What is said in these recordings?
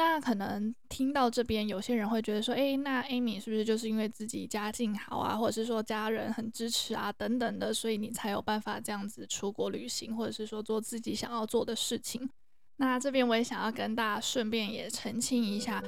那可能聽到這邊，有些人會覺得說，誒，那 Amie 是不是就是因為自己家境好啊，或者是說家人很支持啊，等等的，所以你才有辦法這樣子出國旅行，或者是說做自己想要做的事情？那這邊我也想要跟大家順便也澄清一下。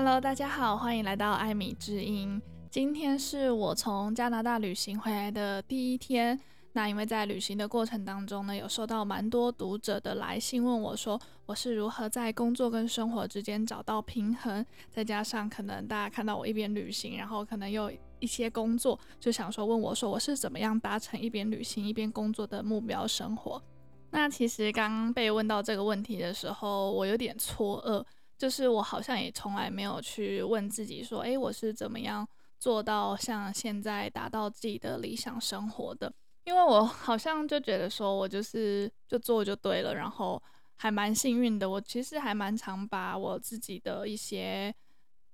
Hello，大家好，歡迎來到艾米之音。今天是我從加拿大旅行回來的第一天。那因為在旅行的過程當中呢，有收到蠻多讀者的來信，問我說我是如何在工作跟生活之間找到平衡。再加上可能大家看到我一邊旅行，然後可能有一些工作，就想說問我說我是怎麼樣達成一邊旅行一邊工作的目標生活。那其實剛剛被問到這個問題的時候，我有點錯愕。就是我好像也從來沒有去問自己說，哎、欸，我是怎麼樣做到像現在達到自己的理想生活的？因為我好像就覺得說我就是就做就對了，然後還蠻幸運的。我其實還蠻常把我自己的一些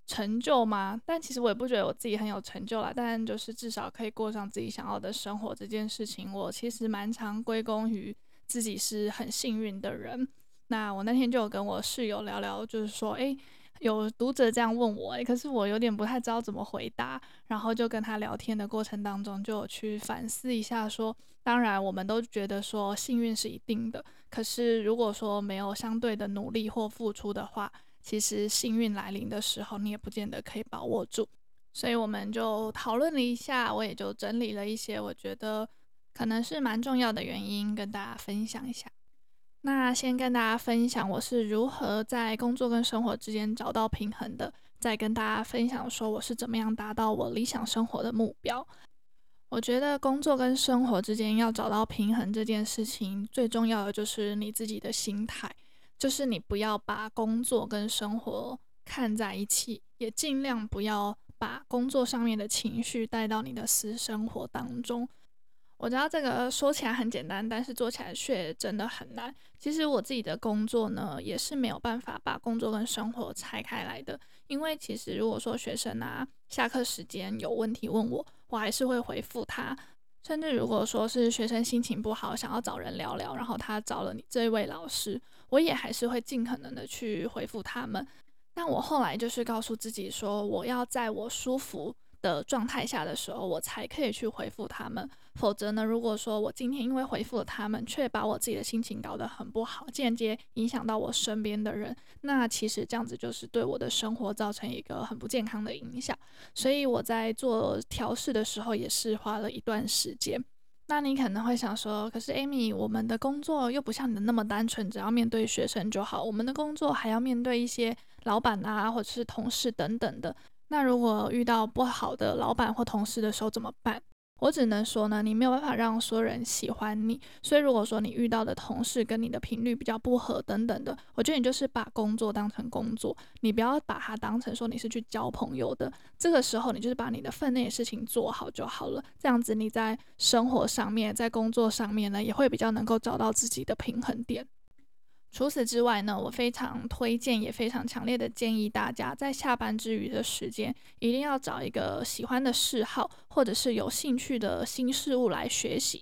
成就嘛，但其實我也不覺得我自己很有成就啦。但就是至少可以過上自己想要的生活這件事情，我其實蠻常歸功於自己是很幸運的人。那我那天就有跟我室友聊聊，就是說，哎，有讀者這樣問我，哎，可是我有點不太知道怎麼回答。然後就跟他聊天的過程當中，就有去反思一下，說，當然我們都覺得說幸運是一定的，可是如果說沒有相對的努力或付出的話，其實幸運來臨的時候，你也不見得可以把握住。所以我們就討論了一下，我也就整理了一些我覺得可能是蠻重要的原因，跟大家分享一下。那先跟大家分享我是如何在工作跟生活之間找到平衡的，再跟大家分享說我是怎麼樣達到我理想生活的目標。我覺得工作跟生活之間要找到平衡這件事情，最重要的就是你自己的心態，就是你不要把工作跟生活看在一起，也盡量不要把工作上面的情緒帶到你的私生活當中。我知道這個說起來很簡單，但是做起來卻真的很難。其實我自己的工作呢，也是沒有辦法把工作跟生活拆開來的。因為其實如果說學生啊，下課時間有問題問我，我還是會回復他。甚至如果說是學生心情不好，想要找人聊聊，然後他找了你這一位老師，我也還是會盡可能的去回復他們。但我後來就是告訴自己說，我要在我舒服的狀態下的時候，我才可以去回覆他們。否則呢，如果說我今天因為回覆了他們，卻把我自己的心情搞得很不好，間接影響到我身邊的人，那其實這樣子就是對我的生活造成一個很不健康的影響。所以我在做調試的時候也是花了一段時間。那你可能會想說，可是 Amie，我們的工作又不像你的那麼單純，只要面對學生就好。我們的工作還要面對一些老板啊，或者是同事等等的。那如果遇到不好的老闆或同事的時候怎麼辦？我只能說呢，你沒有辦法讓所有人喜歡你。所以如果說你遇到的同事跟你的頻率比較不合等等的，我覺得你就是把工作當成工作，你不要把它當成說你是去交朋友的。這個時候你就是把你的分內的事情做好就好了。這樣子你在生活上面，在工作上面呢，也會比較能夠找到自己的平衡點。除此之外呢，我非常推薦，也非常強烈的建議大家，在下班之餘的時間，一定要找一個喜歡的嗜好，或者是有興趣的新事物來學習，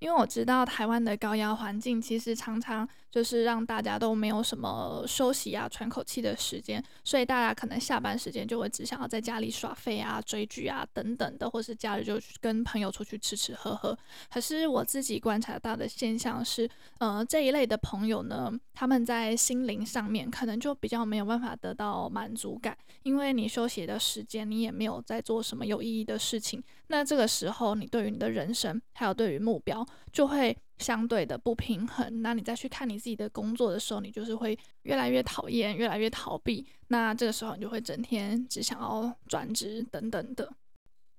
因為我知道台灣的高壓環境，其實常常。就是讓大家都沒有什麼休息啊、喘口氣的時間，所以大家可能下班時間就會只想要在家裡耍廢啊、追劇啊等等的，或是假日就跟朋友出去吃吃喝喝。可是我自己觀察到的現象是，呃，這一類的朋友呢，他們在心靈上面可能就比較沒有辦法得到滿足感，因為你休息的時間你也沒有在做什麼有意義的事情，那這個時候你對於你的人生還有對於目標就會。相對的不平衡，那你再去看你自己的工作的時候，你就是會越來越討厭，越來越逃避，那這個時候，你就會整天只想要轉職等等的。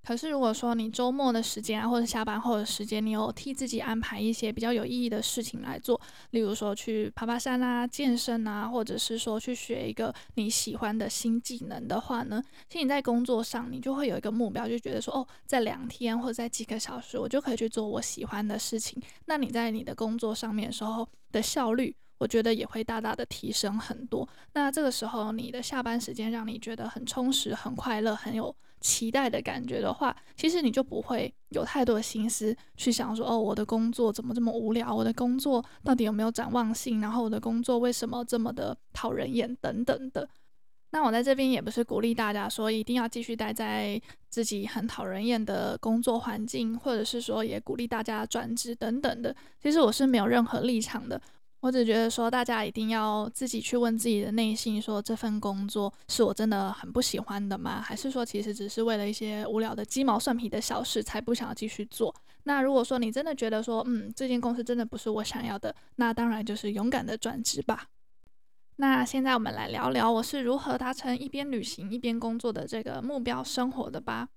可是，如果說你週末的時間啊，或者下班後的時間，你有替自己安排一些比較有意義的事情來做，例如說去爬爬山啦、啊、健身啊，或者是說去學一個你喜歡的新技能的話呢，其實你在工作上你就會有一個目標，就覺得說哦，在兩天或者在幾個小時，我就可以去做我喜歡的事情。那你在你的工作上面的時候的效率。我覺得也會大大的提升很多。那這個時候，你的下班時間讓你覺得很充實、很快樂、很有期待的感覺的話，其實你就不會有太多的心思去想說，哦，我的工作怎麼這麼無聊？我的工作到底有沒有展望性？然後我的工作為什麼這麼的討人厭？等等的。那我在這邊也不是鼓勵大家說一定要繼續待在自己很討人厭的工作環境，或者是說也鼓勵大家轉職等等的。其實我是沒有任何立場的。我只覺得說，大家一定要自己去問自己的內心，說這份工作是我真的很不喜歡的嗎？還是說其實只是為了一些無聊的雞毛蒜皮的小事才不想要繼續做？那如果說你真的覺得說，嗯，這間公司真的不是我想要的，那當然就是勇敢的轉職吧。那現在我們來聊聊我是如何達成一邊旅行，一邊工作的這個目標生活的吧。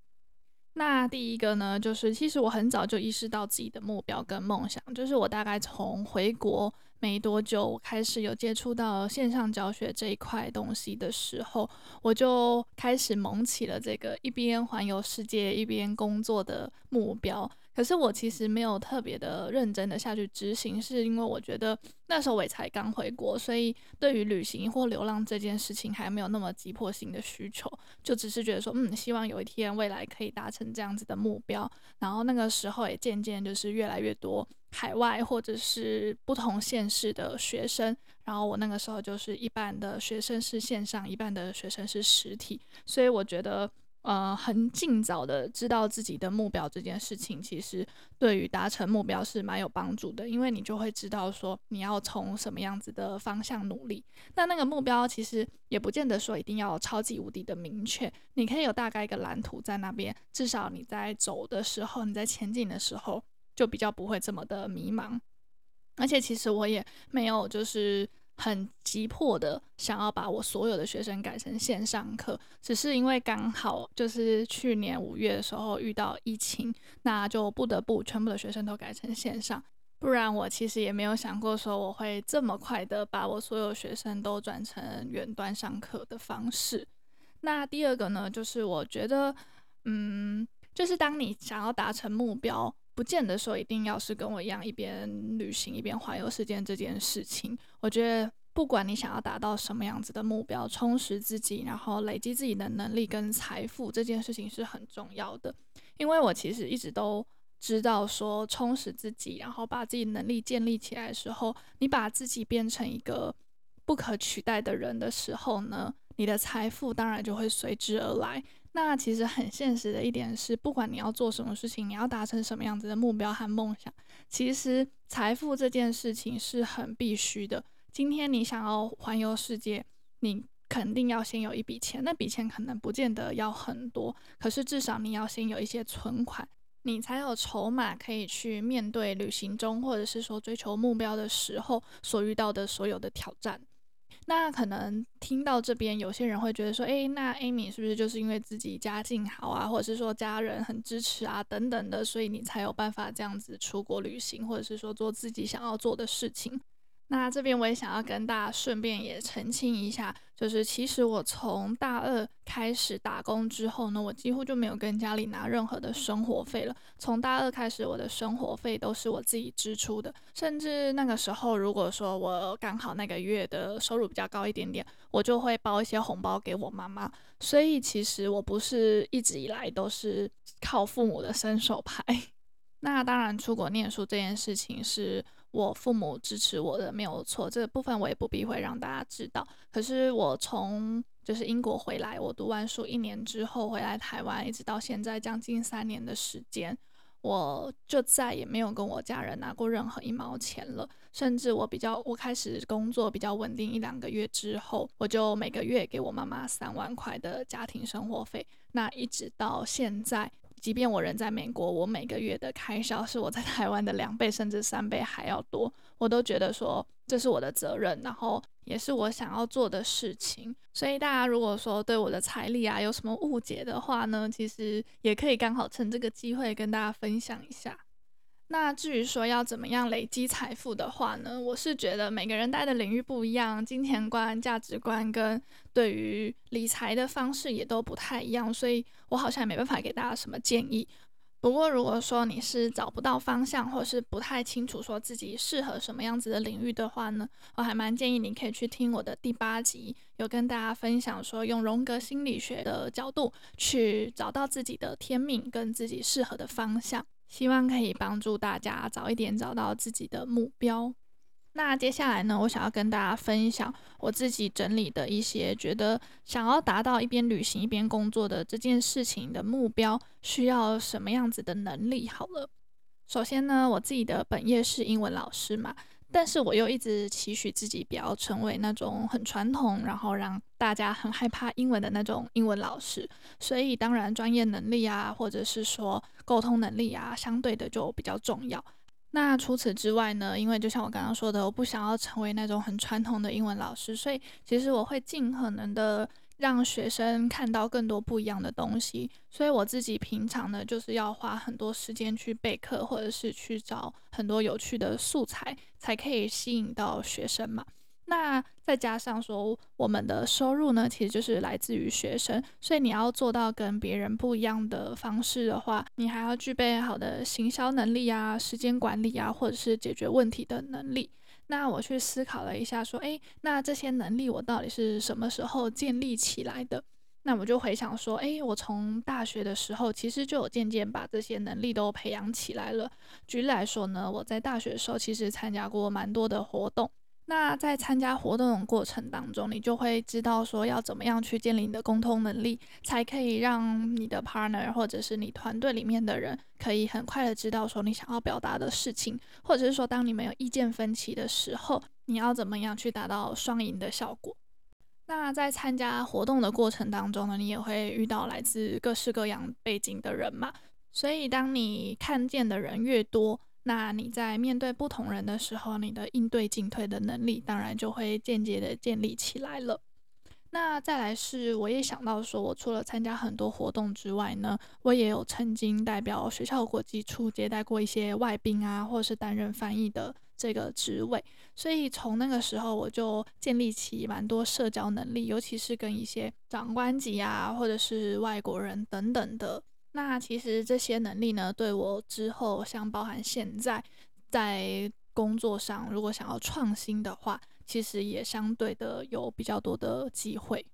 那第一個呢，就是其實我很早就意識到自己的目標跟夢想，就是我大概從回國沒多久，我開始有接觸到線上教學這一塊東西的時候，我就開始萌起了這個一邊環遊世界一邊工作的目標。可是我其實沒有特別的認真的下去執行，是因為我覺得那時候我也才剛回國，所以對於旅行或流浪這件事情還沒有那麼急迫性的需求，就只是覺得說，嗯，希望有一天未來可以達成這樣子的目標。然後那個時候也漸漸就是越來越多海外或者是不同縣市的學生，然後我那個時候就是一半的學生是線上，一半的學生是實體，所以我覺得。呃，很盡早的知道自己的目標這件事情，其實對於達成目標是蠻有幫助的，因為你就會知道說你要從什麼樣子的方向努力。那那個目標其實也不見得說一定要超級無敵的明確，你可以有大概一個藍圖在那邊，至少你在走的時候，你在前進的時候就比較不會這麼的迷茫。而且其實我也沒有就是。很急迫的想要把我所有的學生改成線上課，只是因為剛好就是去年五月的時候遇到疫情，那就不得不全部的學生都改成線上，不然我其實也沒有想過說我會這麼快的把我所有學生都轉成遠端上課的方式。那第二個呢，就是我覺得，嗯，就是當你想要達成目標。不見得說一定要是跟我一樣一邊旅行一邊環遊世界這件事情。我覺得，不管你想要達到什麼樣子的目標，充實自己，然後累積自己的能力跟財富，這件事情是很重要的。因為我其實一直都知道說，說充實自己，然後把自己的能力建立起來的時候，你把自己變成一個不可取代的人的時候呢，你的財富當然就會隨之而來。那其實很現實的一點是，不管你要做什麼事情，你要達成什麼樣子的目標和夢想，其實財富這件事情是很必須的。今天你想要環遊世界，你肯定要先有一筆錢，那筆錢可能不見得要很多，可是至少你要先有一些存款，你才有籌碼可以去面對旅行中或者是說追求目標的時候所遇到的所有的挑戰。那可能聽到這邊，有些人會覺得說，誒，那 Amie 是不是就是因為自己家境好啊，或者是說家人很支持啊，等等的，所以你才有辦法這樣子出國旅行，或者是說做自己想要做的事情？那這邊我也想要跟大家順便也澄清一下。就是，其實我從大二開始打工之後呢，我幾乎就沒有跟家裡拿任何的生活費了。從大二開始，我的生活費都是我自己支出的。甚至那個時候，如果說我剛好那個月的收入比較高一點點，我就會包一些紅包給我媽媽。所以其實我不是一直以來都是靠父母的伸手牌。那當然，出國念書這件事情是。我父母支持我的沒有錯，這個部分我也不避諱，讓大家知道。可是我從就是英國回來，我讀完書一年之後回來台灣，一直到現在將近三年的時間，我就再也沒有跟我家人拿過任何一毛錢了。甚至我比較，我開始工作比較穩定一兩個月之後，我就每個月給我媽媽三萬塊的家庭生活費，那一直到現在。即便我人在美國，我每個月的開銷是我在台灣的兩倍甚至三倍還要多，我都覺得說這是我的責任，然後也是我想要做的事情。所以大家如果說對我的財力啊有什麼誤解的話呢，其實也可以剛好趁這個機會跟大家分享一下。那至於說要怎麼樣累積財富的話呢？我是覺得每個人待的領域不一樣，金錢觀、價值觀跟對於理財的方式也都不太一樣，所以我好像也沒辦法給大家什麼建議。不過如果說你是找不到方向，或是不太清楚說自己適合什麼樣子的領域的話呢，我還蠻建議你可以去聽我的第八集，有跟大家分享說用榮格心理學的角度去找到自己的天命跟自己適合的方向。希望可以幫助大家早一點找到自己的目標。那接下來呢，我想要跟大家分享我自己整理的一些覺得想要達到一邊旅行一邊工作的這件事情的目標需要什麼樣子的能力。好了，首先呢，我自己的本業是英文老師嘛。但是我又一直期許自己不要成為那種很傳統，然後讓大家很害怕英文的那種英文老師，所以當然專業能力啊，或者是說溝通能力啊，相對的就比較重要。那除此之外呢？因為就像我剛剛說的，我不想要成為那種很傳統的英文老師，所以其實我會盡可能的，讓學生看到更多不一樣的東西，所以我自己平常呢，就是要花很多時間去備課，或者是去找很多有趣的素材，才可以吸引到學生嘛。那再加上說，我們的收入呢，其實就是來自於學生，所以你要做到跟別人不一樣的方式的話，你還要具備好的行銷能力啊、時間管理啊，或者是解決問題的能力。那我去思考了一下，說，哎，那這些能力我到底是什麼時候建立起來的？那我就回想說，哎，我從大學的時候其實就有漸漸把這些能力都培養起來了。舉例來說呢，我在大學的時候其實參加過蠻多的活動。那在參加活動的過程當中，你就會知道說要怎麼樣去建立你的溝通能力，才可以讓你的 partner 或者是你團隊裡面的人，可以很快的知道說你想要表達的事情，或者是說當你們有意見分歧的時候，你要怎麼樣去達到雙贏的效果。那在參加活動的過程當中呢，你也會遇到來自各式各樣背景的人嘛，所以當你看見的人越多，那你在面對不同人的時候，你的應對進退的能力，當然就會間接的建立起來了。那再來是，我也想到說，我除了參加很多活動之外呢，我也有曾經代表學校國際處接待過一些外賓啊，或是擔任翻譯的這個職位，所以從那個時候我就建立起蠻多社交能力，尤其是跟一些長官級啊，或者是外國人等等的。那其實這些能力呢，對我之後，像包含現在在工作上，如果想要創新的話，其實也相對的有比較多的機會。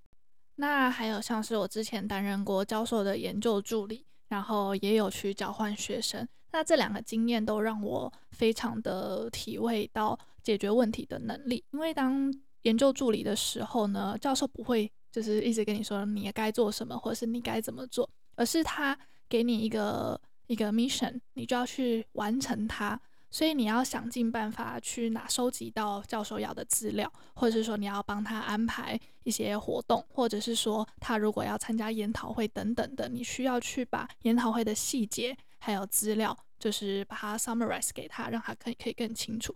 那還有像是，我之前擔任過教授的研究助理，然後也有去交換學生，那這兩個經驗都讓我非常的體會到解決問題的能力。因為當研究助理的時候呢，教授不會就是一直跟你說你該做什麼，或者是你該怎麼做。而是他給你一個一個 mission，你就要去完成它，所以你要想盡辦法去拿收集到教授要的資料，或者是說你要幫他安排一些活動，或者是說他如果要參加研討會等等的，你需要去把研討會的細節還有資料，就是把它 summarize 給他，讓他可以可以更清楚。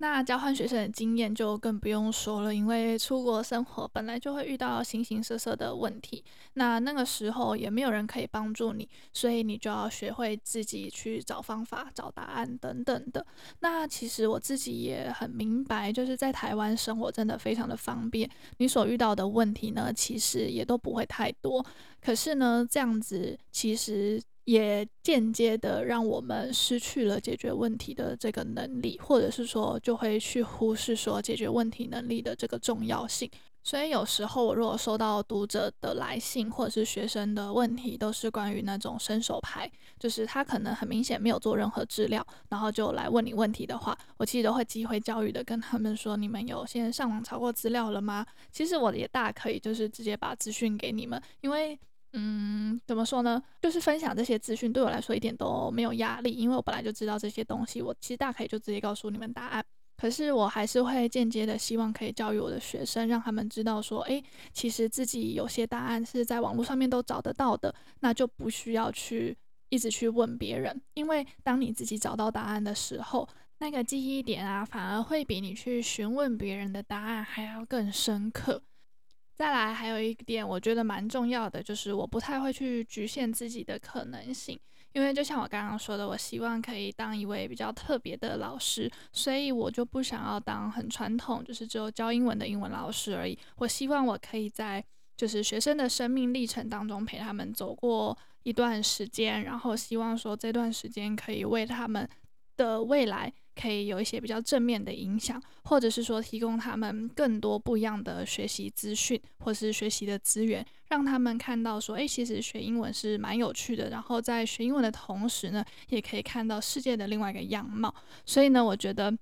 那交換學生的經驗就更不用說了，因為出國生活本來就會遇到形形色色的問題，那那個時候也沒有人可以幫助你，所以你就要學會自己去找方法、找答案等等的。那其實我自己也很明白，就是在台灣生活真的非常的方便，你所遇到的問題呢，其實也都不會太多。可是呢，這樣子其實。也間接的讓我們失去了解決問題的這個能力，或者是說就會去忽視說解決問題能力的這個重要性。所以有時候我如果收到讀者的來信或者是學生的問題，都是關於那種伸手牌，就是他可能很明顯沒有做任何資料，然後就來問你問題的話，我其實都會機會教育的跟他們說：你們有先上網查過資料了嗎？其實我也大可以就是直接把資訊給你們，因為。嗯，怎麼說呢？就是分享這些資訊對我來說一點都沒有壓力，因為我本來就知道這些東西，我其實大可以就直接告訴你們答案。可是我還是會間接的希望可以教育我的學生，讓他們知道說，欸，其實自己有些答案是在網絡上面都找得到的，那就不需要去一直去問別人。因為當你自己找到答案的時候，那個記憶點啊，反而會比你去詢問別人的答案還要更深刻。再來，還有一點，我覺得蠻重要的，就是我不太會去局限自己的可能性，因為就像我剛剛說的，我希望可以當一位比較特別的老師，所以我就不想要當很傳統，就是只有教英文的英文老師而已。我希望我可以在，就是學生的生命歷程當中陪他們走過一段時間，然後希望說這段時間可以為他們的未來，可以有一些比較正面的影響，或者是說提供他們更多不一樣的學習資訊，或是學習的資源，讓他們看到說，誒，其實學英文是蠻有趣的。然後在學英文的同時呢，也可以看到世界的另外一個樣貌。所以呢，我覺得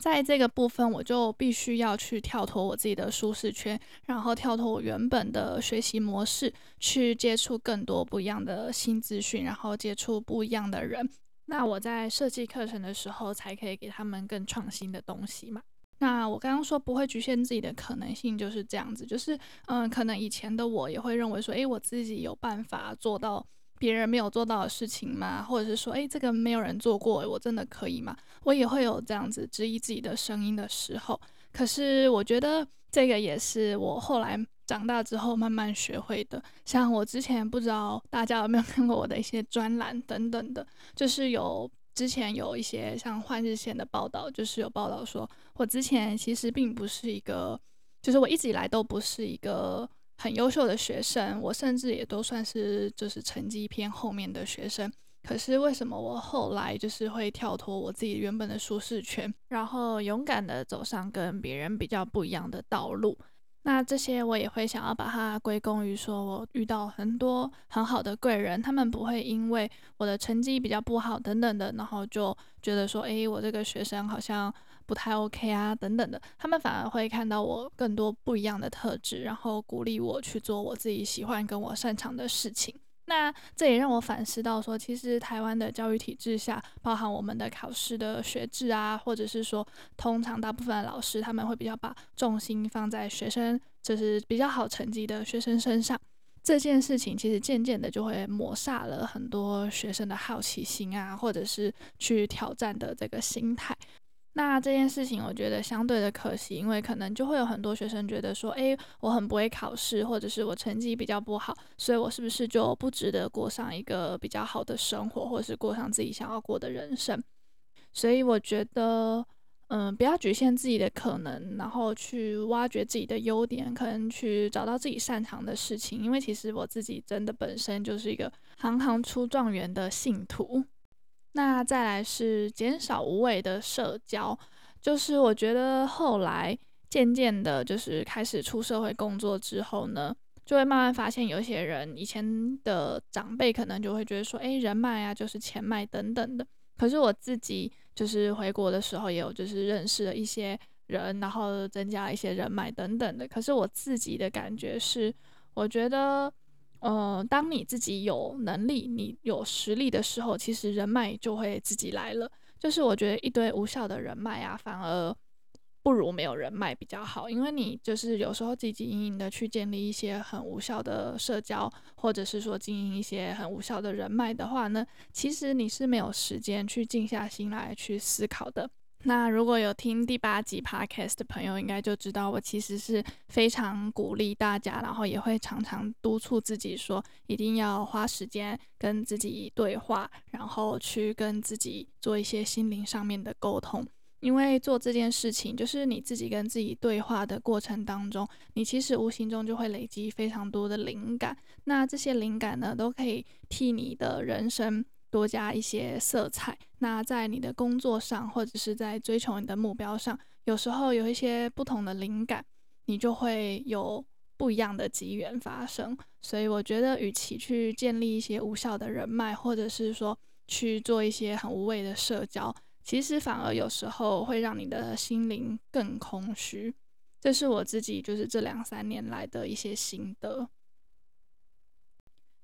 在這個部分，我就必須要去跳脫我自己的舒適圈，然後跳脫我原本的學習模式，去接觸更多不一樣的新資訊，然後接觸不一樣的人。那我在設計課程的時候，才可以給他們更創新的東西嘛。那我剛剛說不會局限自己的可能性，就是這樣子。就是，嗯，可能以前的我也會認為說，誒、欸，我自己有辦法做到別人沒有做到的事情嗎？或者是說，誒、欸，這個沒有人做過、欸，我真的可以嗎？我也會有這樣子質疑自己的聲音的時候。可是，我覺得這個也是我後來。長大之後慢慢學會的，像我之前不知道大家有沒有看過我的一些專欄等等的，就是有之前有一些像換日線的報道，就是有報道說我之前其實並不是一個，就是我一直以來都不是一個很優秀的學生，我甚至也都算是就是成績偏後面的學生。可是為什麼我後來就是會跳脫我自己原本的舒適圈，然後勇敢的走上跟別人比較不一樣的道路？那這些我也會想要把它歸功於，說我遇到很多很好的貴人，他們不會因為我的成績比較不好等等的，然後就覺得說，誒、欸，我這個學生好像不太 OK 啊等等的，他們反而會看到我更多不一樣的特質，然後鼓勵我去做我自己喜歡跟我擅長的事情。那這也讓我反思到說，說其實台灣的教育體制下，包含我們的考試的學制啊，或者是說，通常大部分的老師他們會比較把重心放在學生就是比較好成績的學生身上。這件事情其實漸漸的就會抹煞了很多學生的好奇心啊，或者是去挑戰的這個心態。那這件事情，我覺得相對的可惜，因為可能就會有很多學生覺得說，哎，我很不會考試，或者是我成績比較不好，所以我是不是就不值得過上一個比較好的生活，或者是過上自己想要過的人生？所以我覺得，嗯、呃，不要局限自己的可能，然後去挖掘自己的優點，可能去找到自己擅長的事情。因為其實我自己真的本身就是一個行行出狀元的信徒。那再來是減少無謂的社交，就是我覺得後來漸漸的，就是開始出社會工作之後呢，就會慢慢發現有些人以前的長輩可能就會覺得說，哎、欸，人脈啊，就是錢脈等等的。可是我自己就是回國的時候也有就是認識了一些人，然後增加了一些人脈等等的。可是我自己的感覺是，我覺得。呃，當你自己有能力，你有實力的時候，其實人脈就會自己來了。就是我覺得一堆無效的人脈啊，反而不如沒有人脈比較好。因為你就是有時候汲汲營營的去建立一些很無效的社交，或者是說經營一些很無效的人脈的話呢，其實你是沒有時間去靜下心來去思考的。那如果有聽第八集 podcast 的朋友，應該就知道我其實是非常鼓勵大家，然後也會常常督促自己說，一定要花時間跟自己對話，然後去跟自己做一些心靈上面的溝通。因為做這件事情，就是你自己跟自己對話的過程當中，你其實無形中就會累積非常多的靈感。那這些靈感呢，都可以替你的人生。多加一些色彩，那在你的工作上，或者是在追求你的目標上，有時候有一些不同的靈感，你就會有不一樣的機緣發生。所以我覺得，與其去建立一些無效的人脈，或者是說去做一些很無謂的社交，其實反而有時候會讓你的心靈更空虛。這是我自己就是這兩三年來的一些心得。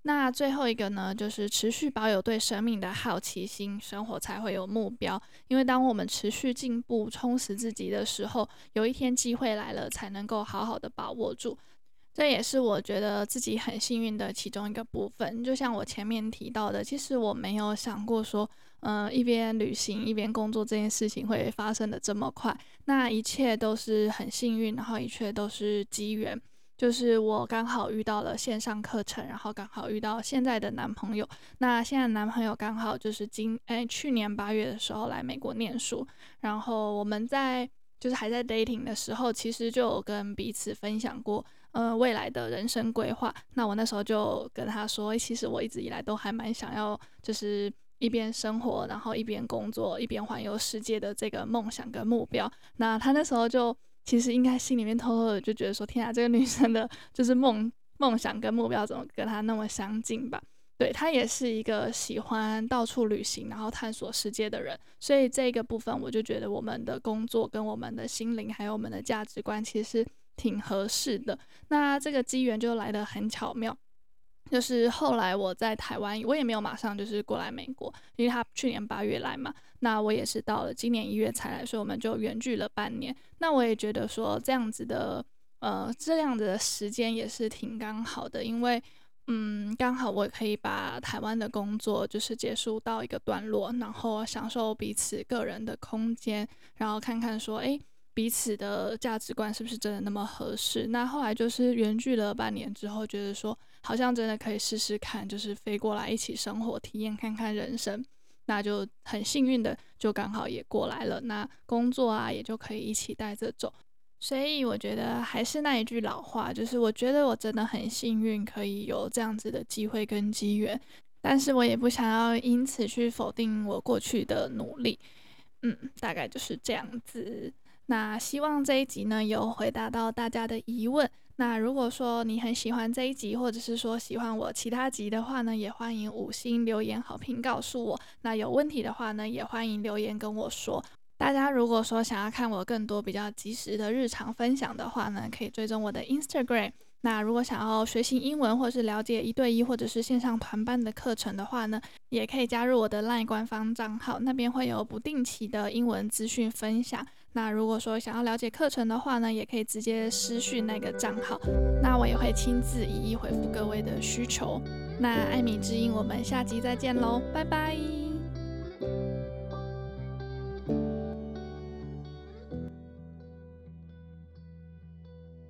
那最後一個呢，就是持續保有對生命的好奇心，生活才會有目標。因為當我們持續進步、充實自己的時候，有一天機會來了，才能夠好好的把握住。這也是我覺得自己很幸運的其中一個部分。就像我前面提到的，其實我沒有想過說，嗯、呃，一邊旅行一邊工作這件事情會發生的這麼快。那一切都是很幸運，然後一切都是機緣。就是我剛好遇到了線上課程，然後剛好遇到現在的男朋友。那現在男朋友剛好就是今、哎、去年八月的時候來美國念書，然後我們在就是還在 dating 的時候，其實就有跟彼此分享過，呃，未來的人生規劃。那我那時候就跟他說，其實我一直以來都還蠻想要，就是一邊生活，然後一邊工作，一邊環遊世界的這個夢想跟目標。那他那時候就。其實應該心裡面偷偷的就覺得說，天啊，這個女生的就是夢夢想跟目標怎麼跟她那麼相近吧？對她也是一個喜歡到處旅行，然後探索世界的人。所以這個部分我就覺得我們的工作跟我們的心靈還有我們的價值觀其實挺合適的。那這個機緣就來得很巧妙，就是後來我在台灣，我也沒有馬上就是過來美國，因為她去年八月來嘛。那我也是到了今年一月才來，所以我們就遠距了半年。那我也覺得說這樣子的，呃，這樣子的時間也是挺剛好的，因為，嗯，剛好我可以把台灣的工作就是結束到一個段落，然後享受彼此個人的空間，然後看看說，誒，彼此的價值觀是不是真的那麼合適？那後來就是遠距了半年之後，覺得說好像真的可以試試看，就是飛過來一起生活，體驗看看人生。那就很幸運的，就剛好也過來了。那工作啊，也就可以一起帶着走。所以我覺得還是那一句老話，就是我覺得我真的很幸運，可以有這樣子的機會跟機緣。但是我也不想要因此去否定我過去的努力。嗯，大概就是這樣子。那希望這一集呢，有回答到大家的疑問。那如果說你很喜歡這一集，或者是說喜歡我其他集的話呢，也歡迎五星留言好評告訴我。那有問題的話呢，也歡迎留言跟我說。大家如果說想要看我更多比較及時的日常分享的話呢，可以追蹤我的 Instagram。那如果想要學習英文，或是了解一對一，或者是線上團班的課程的話呢，也可以加入我的 LINE 官方賬號，那邊會有不定期的英文資訊分享。那如果說想要了解課程的話呢，也可以直接私訊那個賬號那我也會親自一一回復各位的需求。那艾米之音，我們下集再見嘍，拜拜。